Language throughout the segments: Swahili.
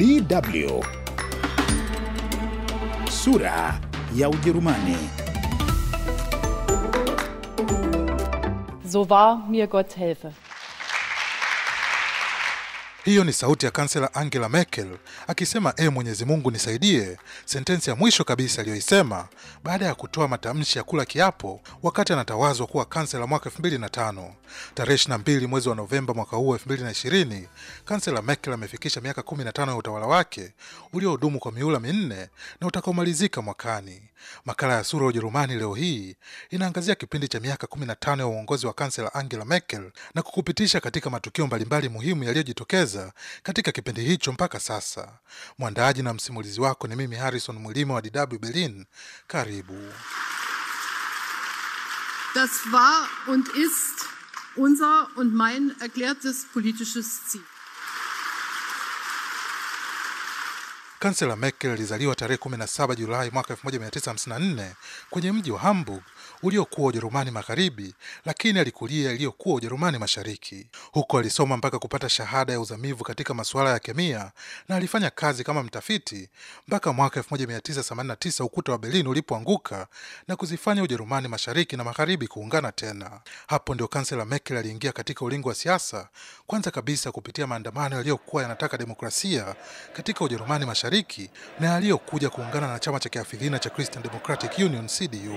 DW sura ya Ujerumani. So wahr mir Gott helfe. Hiyo ni sauti ya kansela Angela Merkel akisema e, Mwenyezi Mungu nisaidie, sentensi ya mwisho kabisa aliyoisema baada ya kutoa matamshi ya kula kiapo wakati anatawazwa kuwa kansela mwaka 2005. Tarehe 22 mwezi wa Novemba mwaka huu 2020, kansela Merkel amefikisha miaka 15 ya utawala wake uliohudumu kwa miula minne na utakaomalizika mwakani. Makala ya Sura ya Ujerumani leo hii inaangazia kipindi cha miaka 15 ya uongozi wa kansela Angela Merkel na kukupitisha katika matukio mbalimbali muhimu yaliyojitokeza katika kipindi hicho mpaka sasa. Mwandaaji na msimulizi wako ni mimi Harrison Mwilima wa DW Berlin. Karibu. Das war und ist unser und mein erklärtes politisches Ziel. Kansela Merkel alizaliwa tarehe 17 Julai mwaka 1954 kwenye mji wa Hamburg uliokuwa Ujerumani Magharibi, lakini alikulia iliyokuwa Ujerumani Mashariki. Huko alisoma mpaka kupata shahada ya uzamivu katika masuala ya kemia na alifanya kazi kama mtafiti mpaka mwaka 1989 ukuta wa Berlin ulipoanguka na kuzifanya Ujerumani mashariki na magharibi kuungana tena. Hapo ndio kansela Merkel aliingia katika ulingo wa siasa, kwanza kabisa kupitia maandamano yaliyokuwa yanataka demokrasia katika Ujerumani mashariki na yaliyokuja kuungana na chama cha kiafidhina cha Christian Democratic Union CDU.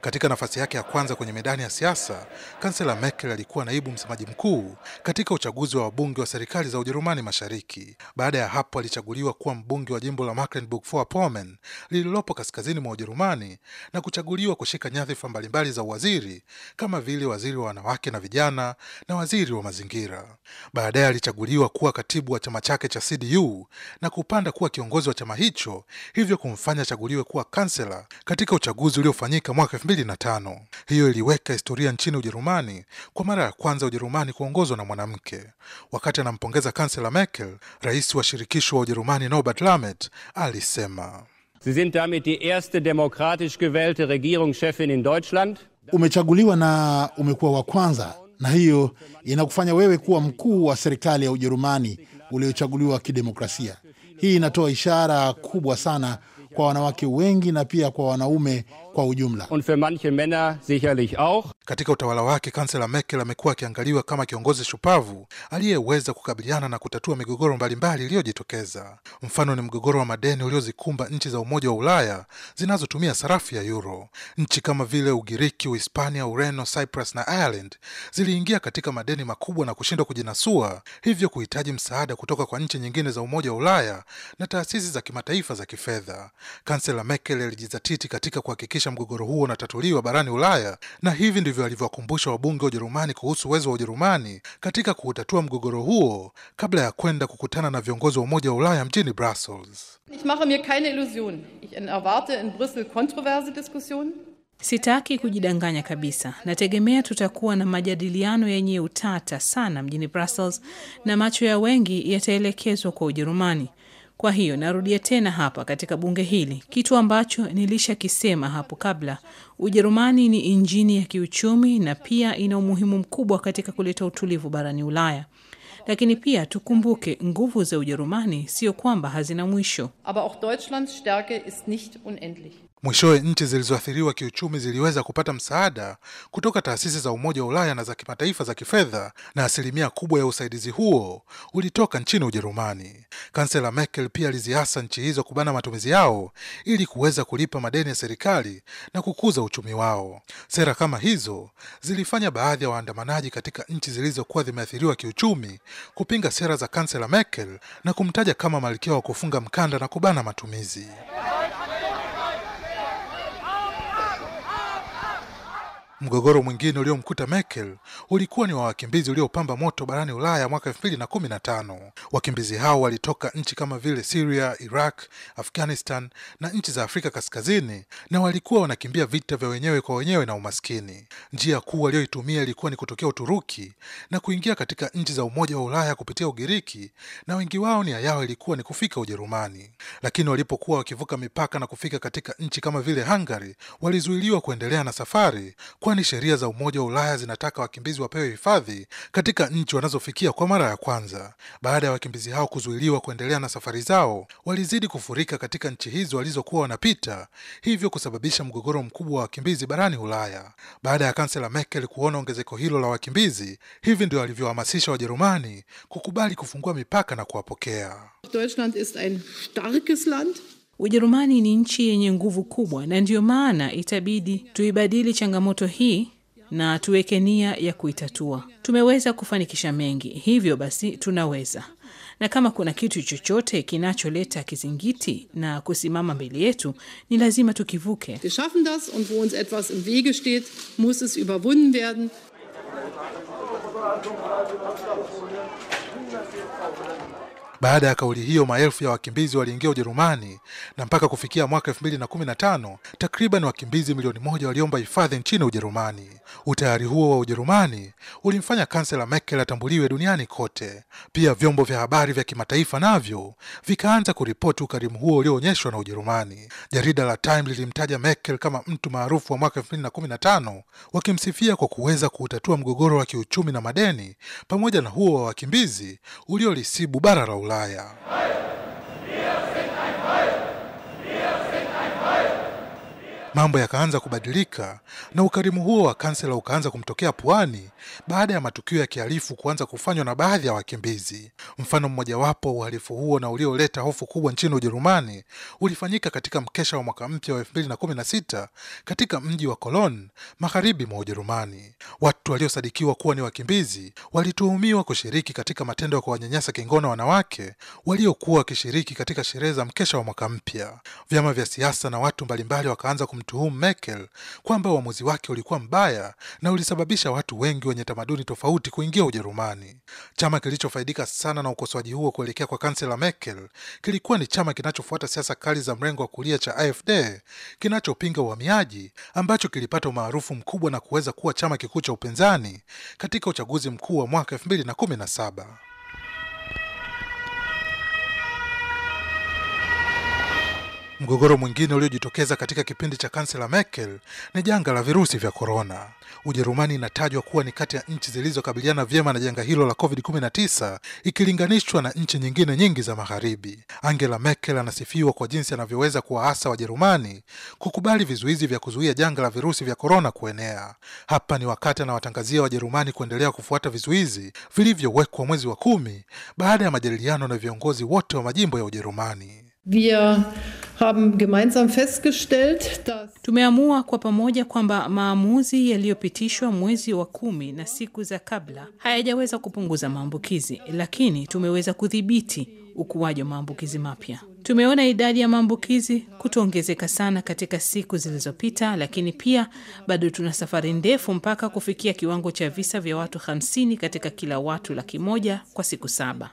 Katika nafasi yake ya kwanza kwenye medani ya siasa, kansela Merkel alikuwa naibu msemaji mkuu katika uchaguzi wa wabunge wa serikali za Ujerumani Mashariki. Baada ya hapo, alichaguliwa kuwa mbunge wa jimbo la Mecklenburg-Vorpommern lililopo kaskazini mwa Ujerumani na kuchaguliwa kushika nyadhifa mbalimbali za uwaziri kama vile waziri wa wanawake na vijana na waziri wa mazingira. Baadaye alichaguliwa kuwa katibu wa chama chake cha CDU na kupanda kuwa kiongozi wa chama hicho, hivyo kumfanya achaguliwe kuwa kansela katika uchaguzi uliofanyika mwaka 2005. Hiyo iliweka historia nchini Ujerumani, kwa mara ya kwanza Ujerumani kuongozwa na mwanamke. Wakati anampongeza kansela Merkel, rais wa shirikisho wa Ujerumani Norbert Lammert alisema Sie sind damit die erste demokratisch gewählte Regierungschefin in Deutschland. Umechaguliwa na umekuwa wa kwanza, na hiyo inakufanya wewe kuwa mkuu wa serikali ya Ujerumani uliochaguliwa kidemokrasia. Hii inatoa ishara kubwa sana kwa wanawake wengi na pia kwa wanaume kwa ujumla. Katika utawala wake, kansela Merkel amekuwa akiangaliwa kama kiongozi shupavu aliyeweza kukabiliana na kutatua migogoro mbalimbali iliyojitokeza. Mfano ni mgogoro wa madeni uliozikumba nchi za Umoja wa Ulaya zinazotumia sarafu ya euro. Nchi kama vile Ugiriki, Uhispania, Ureno, Cyprus na Ireland ziliingia katika madeni makubwa na kushindwa kujinasua, hivyo kuhitaji msaada kutoka kwa nchi nyingine za Umoja wa Ulaya na taasisi za kimataifa za kifedha. Kansela Merkel alijizatiti katika kuhakikisha kuhakikisha mgogoro huo unatatuliwa barani Ulaya, na hivi ndivyo alivyowakumbusha wabunge wa Ujerumani kuhusu uwezo wa Ujerumani katika kuutatua mgogoro huo kabla ya kwenda kukutana na viongozi wa Umoja wa Ulaya mjini Brussels. Ich mache mir keine Illusion. Ich erwarte in Brüssel kontroverse Diskussionen. Sitaki kujidanganya kabisa. Nategemea tutakuwa na majadiliano yenye utata sana mjini Brussels na macho ya wengi yataelekezwa kwa Ujerumani. Kwa hiyo narudia tena hapa katika bunge hili kitu ambacho nilishakisema hapo kabla. Ujerumani ni injini ya kiuchumi na pia ina umuhimu mkubwa katika kuleta utulivu barani Ulaya. Lakini pia tukumbuke nguvu za Ujerumani sio kwamba hazina mwisho. Aber auch Deutschlands Stärke ist nicht unendlich. Mwishowe, nchi zilizoathiriwa kiuchumi ziliweza kupata msaada kutoka taasisi za Umoja wa Ulaya na za kimataifa za kifedha, na asilimia kubwa ya usaidizi huo ulitoka nchini Ujerumani. Kansela Merkel pia aliziasa nchi hizo kubana matumizi yao ili kuweza kulipa madeni ya serikali na kukuza uchumi wao. Sera kama hizo zilifanya baadhi ya waandamanaji katika nchi zilizokuwa zimeathiriwa kiuchumi kupinga sera za Kansela Merkel na kumtaja kama malkia wa kufunga mkanda na kubana matumizi. Mgogoro mwingine uliomkuta Merkel ulikuwa ni wa wakimbizi uliopamba moto barani Ulaya mwaka tano. Wakimbizi hao walitoka nchi kama vile siria Iraq, Afghanistan na nchi za Afrika Kaskazini na walikuwa wanakimbia vita vya wenyewe kwa wenyewe na umaskini. Njia kuu walioitumia ilikuwa ni kutokea Uturuki na kuingia katika nchi za Umoja wa Ulaya kupitia Ugiriki na wengi wao nia yao ilikuwa ni kufika Ujerumani. Lakini walipokuwa wakivuka mipaka na kufika katika nchi kama vile Hungary, walizuiliwa kuendelea na safari kwa kwani sheria za Umoja wa Ulaya zinataka wakimbizi wapewe hifadhi katika nchi wanazofikia kwa mara ya kwanza. Baada ya wakimbizi hao kuzuiliwa kuendelea na safari zao, walizidi kufurika katika nchi hizo walizokuwa wanapita, hivyo kusababisha mgogoro mkubwa wa wakimbizi barani Ulaya. Baada ya kansela Merkel kuona ongezeko hilo la wakimbizi, hivi ndio alivyohamasisha Wajerumani kukubali kufungua mipaka na kuwapokea. Deutschland ist ein starkes Land Ujerumani ni nchi yenye nguvu kubwa, na ndiyo maana itabidi tuibadili changamoto hii na tuweke nia ya kuitatua. Tumeweza kufanikisha mengi, hivyo basi tunaweza. Na kama kuna kitu chochote kinacholeta kizingiti na kusimama mbele yetu, ni lazima tukivuke. Wir schaffen das und wo uns etwas im Wege steht, muss es überwunden werden. Baada ya kauli hiyo, maelfu ya wakimbizi waliingia Ujerumani na mpaka kufikia mwaka 2015 takriban wakimbizi milioni moja waliomba hifadhi nchini Ujerumani. Utayari huo wa Ujerumani ulimfanya kansela Merkel atambuliwe duniani kote. Pia vyombo vya habari vya kimataifa navyo vikaanza kuripoti ukarimu huo ulioonyeshwa na Ujerumani. Jarida la Time lilimtaja Merkel kama mtu maarufu wa mwaka 2015 wakimsifia kwa kuweza kuutatua mgogoro wa kiuchumi na madeni pamoja na huo wa wakimbizi uliolisibu bara la Ulaya. लाया Mambo yakaanza kubadilika na ukarimu huo wa kansela ukaanza kumtokea puani baada ya matukio ya kihalifu kuanza kufanywa na baadhi ya wakimbizi. Mfano mmojawapo wa uhalifu huo na ulioleta hofu kubwa nchini Ujerumani ulifanyika katika mkesha wa mwaka mpya wa sita katika mji wa Cologne, magharibi mwa Ujerumani. Watu waliosadikiwa kuwa ni wakimbizi walituhumiwa kushiriki katika matendo ya kuwanyanyasa kingono wanawake waliokuwa wakishiriki katika sherehe za mkesha wa mwaka mpya. Vyama vya siasa na watu mbalimbali wakaanza kum kumtuhumu Merkel kwamba uamuzi wake ulikuwa mbaya na ulisababisha watu wengi wenye tamaduni tofauti kuingia Ujerumani. Chama kilichofaidika sana na ukosoaji huo kuelekea kwa kansela Merkel kilikuwa ni chama kinachofuata siasa kali za mrengo wa kulia cha AfD kinachopinga uhamiaji, ambacho kilipata umaarufu mkubwa na kuweza kuwa chama kikuu cha upinzani katika uchaguzi mkuu wa mwaka 2017. Mgogoro mwingine uliojitokeza katika kipindi cha kansela Merkel ni janga la virusi vya korona. Ujerumani inatajwa kuwa ni kati ya nchi zilizokabiliana vyema na janga hilo la COVID-19 ikilinganishwa na nchi nyingine nyingi za Magharibi. Angela Merkel anasifiwa kwa jinsi anavyoweza kuwaasa Wajerumani kukubali vizuizi vya kuzuia janga la virusi vya korona kuenea. Hapa ni wakati anawatangazia Wajerumani kuendelea kufuata vizuizi vilivyowekwa mwezi wa kumi baada ya majadiliano na viongozi wote wa majimbo ya Ujerumani. Wir haben gemeinsam festgestellt, dass tumeamua kwa pamoja kwamba maamuzi yaliyopitishwa mwezi wa kumi na siku za kabla hayajaweza kupunguza maambukizi, lakini tumeweza kudhibiti ukuaji wa maambukizi mapya. Tumeona idadi ya maambukizi kutoongezeka sana katika siku zilizopita, lakini pia bado tuna safari ndefu mpaka kufikia kiwango cha visa vya watu 50 katika kila watu laki moja kwa siku saba.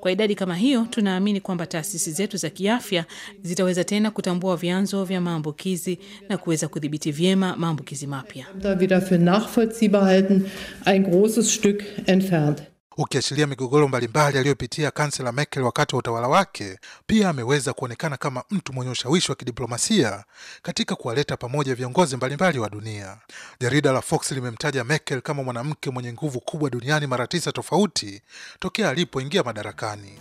Kwa idadi kama hiyo, tunaamini kwamba taasisi zetu za kiafya zitaweza tena kutambua vyanzo vya maambukizi na kuweza kudhibiti vyema maambukizi mapya ukiashiria migogoro mbalimbali aliyopitia kansela Merkel wakati wa utawala wake, pia ameweza kuonekana kama mtu mwenye ushawishi wa kidiplomasia katika kuwaleta pamoja viongozi mbalimbali wa dunia. Jarida la Fox limemtaja Merkel kama mwanamke mwenye nguvu kubwa duniani mara tisa tofauti tokea alipoingia madarakani.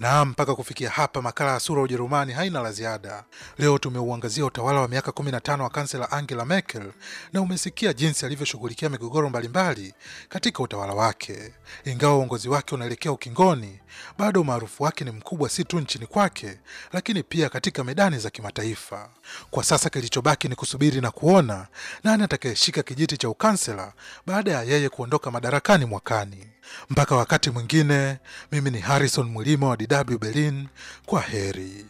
Naam, mpaka kufikia hapa makala ya sura ya Ujerumani haina la ziada. Leo tumeuangazia utawala wa miaka 15 wa kansela Angela Merkel na umesikia jinsi alivyoshughulikia migogoro mbalimbali katika utawala wake. Ingawa uongozi wake unaelekea ukingoni, bado umaarufu wake ni mkubwa, si tu nchini kwake, lakini pia katika medani za kimataifa. Kwa sasa kilichobaki ni kusubiri na kuona nani atakayeshika kijiti cha ukansela baada ya yeye kuondoka madarakani mwakani. Mpaka wakati mwingine, mimi ni Harrison Mwilima wa DW Berlin. Kwa heri.